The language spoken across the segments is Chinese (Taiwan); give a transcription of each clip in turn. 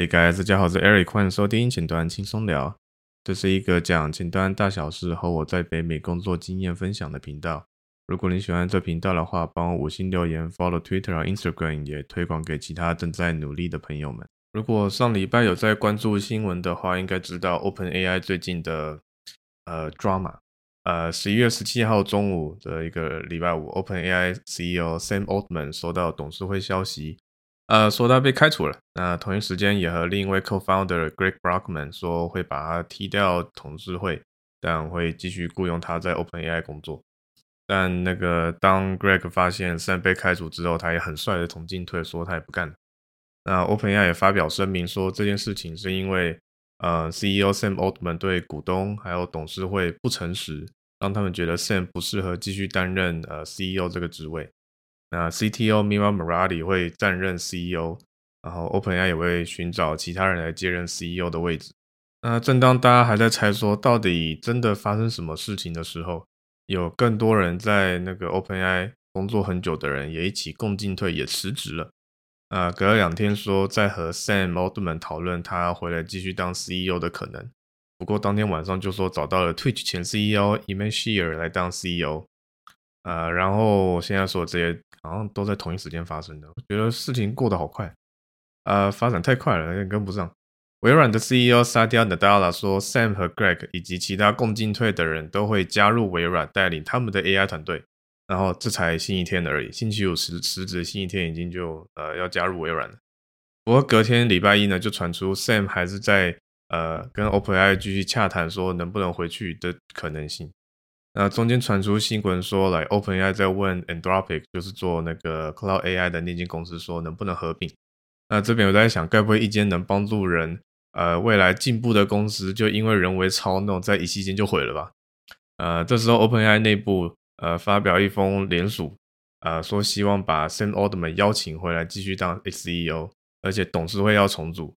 Hey guys，大家好，我是 Eric，歡迎收聽前端輕鬆聊。這是一個講前端大小事和我在北美工作經驗分享的頻道。如果你喜歡這頻道的話，幫我五星留言，follow Twitter 和 Instagram，也推廣給其他正在努力的朋友們。如果上禮拜有在關注新聞的話，應該知道 OpenAI 最近的呃 drama。呃，十一月十七號中午的一個禮拜五，OpenAI CEO Sam Altman 收到董事會消息。呃，說他被開除了，那同一時間也和另一位 co-founder Greg Brockman 說會把他踢掉董事會，但會繼續僱傭他在 OpenAI 工作。但那個當 Greg 發現 Sam 被開除之後，他也很帥的同進退，說他也不幹了。那 OpenAI 也發表聲明說這件事情是因為呃 CEO Sam Altman 對股東還有董事會不誠實，讓他們覺得 Sam 不適合繼續擔任呃 CEO 這個職位。那 C T O Mira Murati 會暫任 C E O，然後 OpenAI、e、也會尋找其他人來接任 C E O 的位置。那正當大家還在猜說到底真的發生什麼事情的時候，有更多人在那個 OpenAI、e、工作很久的人也一起共進退也辭職了。啊、隔了兩天說在和 Sam Altman 討論他回來繼續當 C E O 的可能，不過當天晚上就說找到了 Twitch 前 C E O Emmett Shear 來當 C E O、啊。然後現在說這些。好像都在同一時間發生的，我覺得事情過得好快，呃，發展太快了，有點跟不上。微軟的 CEO 薩蒂亞·納德拉說，Sam 和 Greg 以及其他共進退的人都會加入微軟，帶領他們的 AI 團隊。然後這才星期天而已，星期五辭職辭職，星期天已經就呃要加入微軟了。不過隔天禮拜一呢，就傳出 Sam 還是在呃跟 OpenAI 繼續洽談，說能不能回去的可能性。那中間傳出新聞說來，來 OpenAI 在問 Anthropic，就是做那個 Cloud AI 的那間公司，說能不能合併。那這邊我在想，該不會一間能幫助人，呃，未來進步的公司，就因為人為操弄，那種在一期間就毀了吧？呃，這時候 OpenAI 內部，呃，發表一封聯署，呃，說希望把 Sam Altman 邀請回來繼續當 CEO，而且董事會要重組。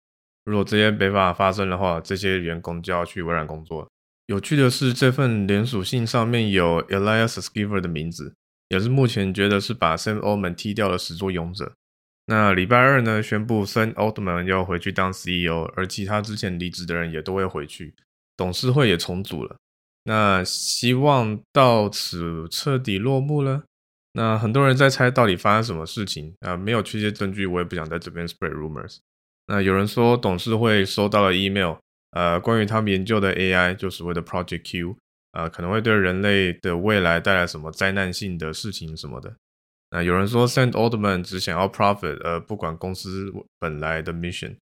如果這些沒辦法發生的話，這些員工就要去微軟工作了。有趣的是，這份聯署信上面有 Ilya Sutskever 的名字，也是目前覺得是把 Sam Altman 踢掉的始作俑者。那禮拜二呢，宣布 Sam Altman 要回去當 CEO，而其他之前離職的人也都會回去，董事會也重組了。那希望到此徹底落幕了。那很多人在猜到底發生什麼事情啊。沒有確切證據，我也不想在這邊 spread rumors。那有人說董事會收到了 email。呃，關於他們研究的 AI，就所謂的 Project Q，呃，可能會對人類的未來帶來什麼災難性的事情什麼的。那、呃、有人說 Sam Altman 只想要 profit，呃，而不管公司本來的 mission。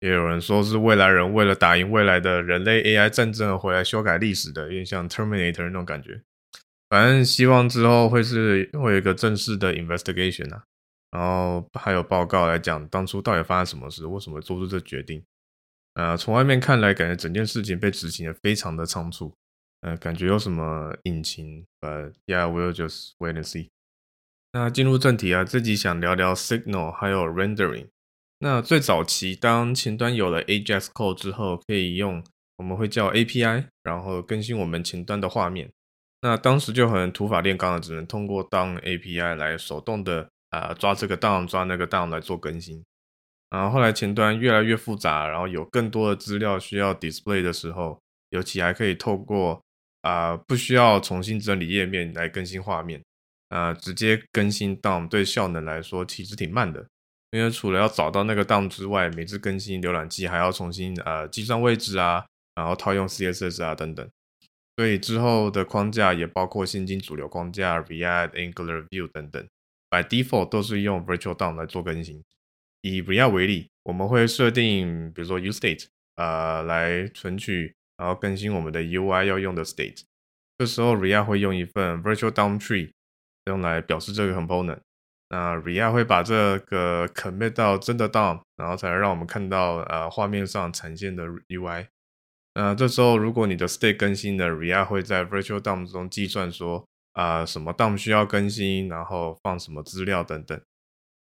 也有人說是未來人為了打贏未來的人類 AI 戰爭回來修改歷史的，有點像 Terminator 那種感覺。反正希望之後會是會有一個正式的 investigation 啊，然後還有報告來講當初到底發生什麼事，為什麼做出這決定。呃，從外面看來，感覺整件事情被執行的非常的倉促，呃，感覺有什麼隱情，呃，Yeah，we'll just wait and see。那進入正題啊，自己想聊聊 signal，還有 rendering。那最早期，當前端有了 Ajax c o d e 之後，可以用我們會叫 API，然後更新我們前端的畫面。那當時就很土法煉鋼了，只能通過當 API 來手動的啊、呃、抓這個當，抓那個當來做更新。然後後來前端越來越複雜，然後有更多的資料需要 display 的時候，尤其還可以透過啊、呃，不需要重新整理頁面來更新畫面，啊、呃，直接更新 DOM，對效能來說其實挺慢的，因為除了要找到那個 DOM 之外，每次更新瀏覽器還要重新啊、呃、計算位置啊，然後套用 CSS 啊等等，所以之後的框架也包括現今主流框架，React Angular、Vue 等等，by default 都是用 Virtual DOM 來做更新。以 React 為例，我們會設定，比如說 useState 啊，來存取，然後更新我們的 UI 要用的 state。這時候 React 會用一份 virtual DOM tree 用來表示這個 component。那、呃、React 會把這個 commit 到真的 DOM，然後才讓我們看到呃畫面上呈現的 UI。那、呃、這時候，如果你的 state 更新了，React 會在 virtual DOM 中計算說，啊、呃，什麼 DOM 需要更新，然後放什麼資料等等。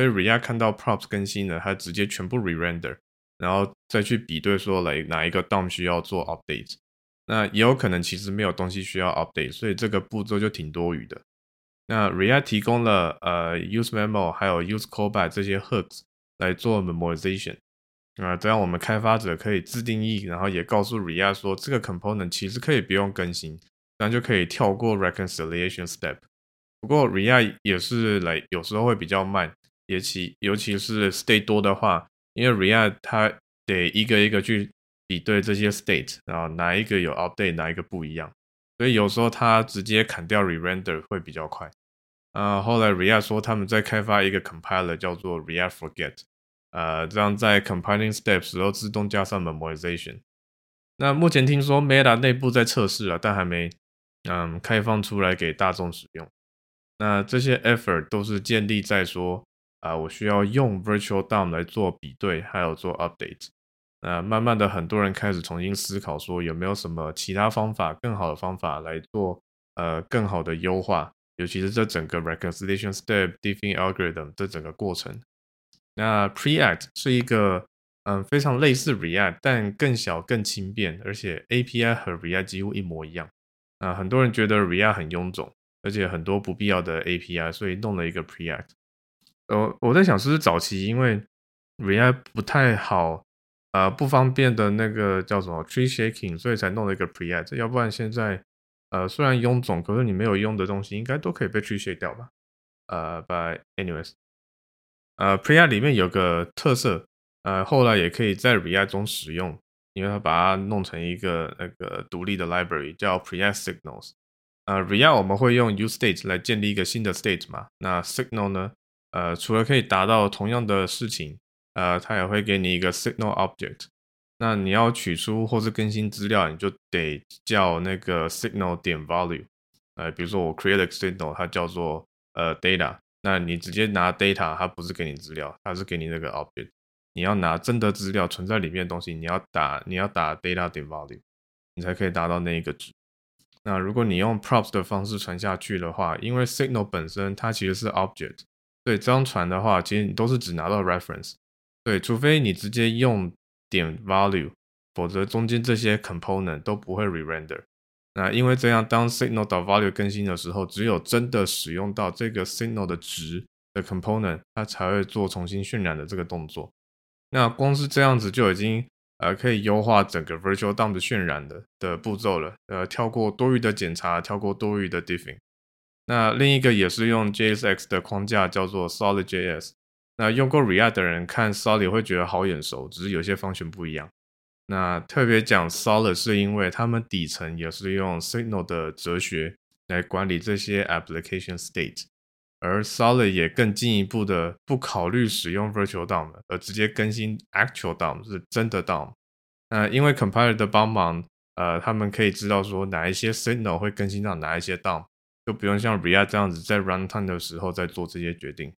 所以 React 看到 Props 更新了，它直接全部 Re-render，然後再去比對，說來哪一個 DOM 需要做 Update。那也有可能其實沒有東西需要 Update，所以這個步驟就挺多餘的。那 React 提供了呃 useMemo 還有 useCallback 這些 Hooks 來做 Memoization，啊，那這樣我們開發者可以自定義，然後也告訴 React 說這個 Component 其實可以不用更新，那就可以跳過 reconciliation step。不過 React 也是來，有時候會比較慢。尤其尤其是 state 多的話，因為 React 它得一個一個去比對這些 state，然後哪一個有 update，哪一個不一樣，所以有時候它直接砍掉 re-render 會比較快。呃，後來 React 說他們在開發一個 compiler 叫做 React Forget，呃，這樣在 compiling steps 時候自動加上 memorization。那目前聽說 Meta 內部在測試了，啊，但還沒嗯開放出來給大眾使用。那這些 effort 都是建立在說。啊、呃，我需要用 Virtual DOM 來做比對，還有做 update。那、呃、慢慢的，很多人開始重新思考，說有沒有什麼其他方法，更好的方法來做，呃，更好的優化，尤其是這整個 reconciliation step, diffing algorithm 這整個過程。那 Preact 是一個，嗯、呃，非常類似 React，但更小、更輕便，而且 API 和 React 幾乎一模一樣。啊、呃，很多人覺得 React 很臃腫，而且很多不必要的 API，所以弄了一個 Preact。呃，我在想，是不是早期因為 React 不太好，呃，不方便的那個叫什麼 tree shaking，所以才弄了一個 Preact，要不然現在，呃，雖然臃腫，可是你沒有用的東西應該都可以被 tree shake 掉吧？呃、uh,，but anyways，呃，Preact 裡面有個特色，呃，後來也可以在 React 中使用，因為它把它弄成一個那個獨立的 library，叫 Preact Signals。呃，React 我們會用 use state 來建立一個新的 state 嘛，那 signal 呢？呃，除了可以達到同樣的事情，呃，它也會給你一個 signal object。那你要取出或是更新資料，你就得叫那個 signal 點 value。呃，比如說我 create signal，它叫做呃 data。那你直接拿 data，它不是給你資料，它是給你那個 object。你要拿真的資料存在裡面的東西，你要打你要打 data 點 value，你才可以達到那一個值。那如果你用 props 的方式傳下去的話，因為 signal 本身它其實是 object。對，這樣傳的話，其實你都是只拿到 reference。對，除非你直接用點 value，否則中間這些 component 都不會 re-render。那因為這樣，當 signal 的 value 更新的時候，只有真的使用到這個 signal 的值的 component，它才會做重新渲染的這個動作。那光是這樣子就已經呃可以優化整個 virtual DOM 的渲染的的步驟了，呃跳過多餘的檢查，跳過多餘的 diffing。那另一個也是用 JSX 的框架，叫做 Solid JS。那用過 React 的人看 Solid 會覺得好眼熟，只是有些方向不一樣。那特別講 Solid 是因為他們底層也是用 Signal 的哲學來管理這些 Application State，而 Solid 也更進一步的不考慮使用 Virtual DOM，而直接更新 Actual DOM 是真的 DOM。那因為 Compiler 的幫忙，呃，他們可以知道說哪一些 Signal 會更新到哪一些 DOM。就不用像 React 這樣子在 runtime 的時候再做這些決定。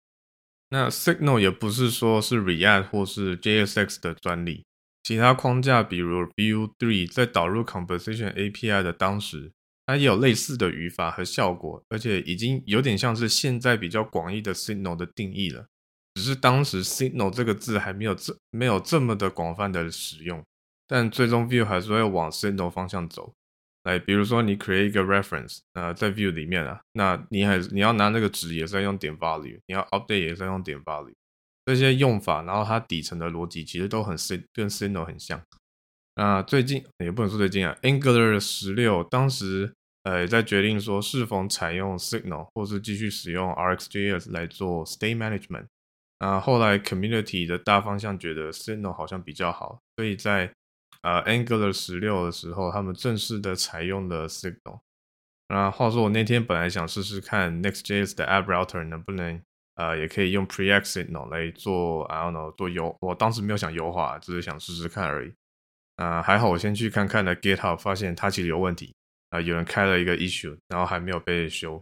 那 Signal 也不是說是 React 或是 JSX 的專利，其他框架比如 Vue 3在導入 Composition API 的當時，它也有類似的語法和效果，而且已經有點像是現在比較廣義的 Signal 的定義了，只是當時 Signal 這個字還沒有這沒有這麼的廣泛的使用，但最終 Vue 還是會往 Signal 方向走。來，比如說你 create 一個 reference，、呃、在 view 裡面啊，那你還你要拿那個值，也是在用點 value，你要 update 也是在用點 value，這些用法，然後它底層的邏輯其實都很跟 signal 很像。那、呃、最近也不能說最近啊，Angular 十六當時呃也在決定說是否採用 signal 或是繼續使用 RxJS 來做 state management，那、呃、後來 community 的大方向覺得 signal 好像比較好，所以在呃、uh，Angular 十六的時候，他們正式的採用了 Signal。那、啊、話說，我那天本來想試試看 Next.js 的 App Router 能不能，呃，也可以用 Preact 腦來做，然後呢做優。我當時沒有想優化，只是想試試看而已。呃、啊，還好，我先去看看了 GitHub，發現它其實有問題。啊，有人開了一個 issue，然後還沒有被修，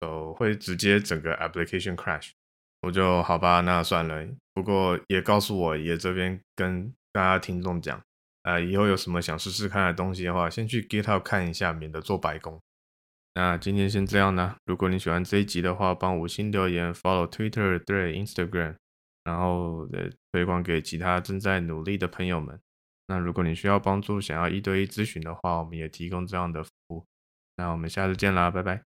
呃，會直接整個 application crash。我就好吧，那算了。不過也告訴我也這邊跟大家聽眾講。啊、呃，以後有什麼想試試看的東西的話，先去 GitHub 看一下，免得做白工。那今天先這樣呢。如果你喜歡這一集的話，幫五星留言，Follow Twitter、Thread、Instagram，然後推廣給其他正在努力的朋友們。那如果你需要幫助，想要一對一諮詢的話，我們也提供這樣的服務。那我們下次見啦，拜拜。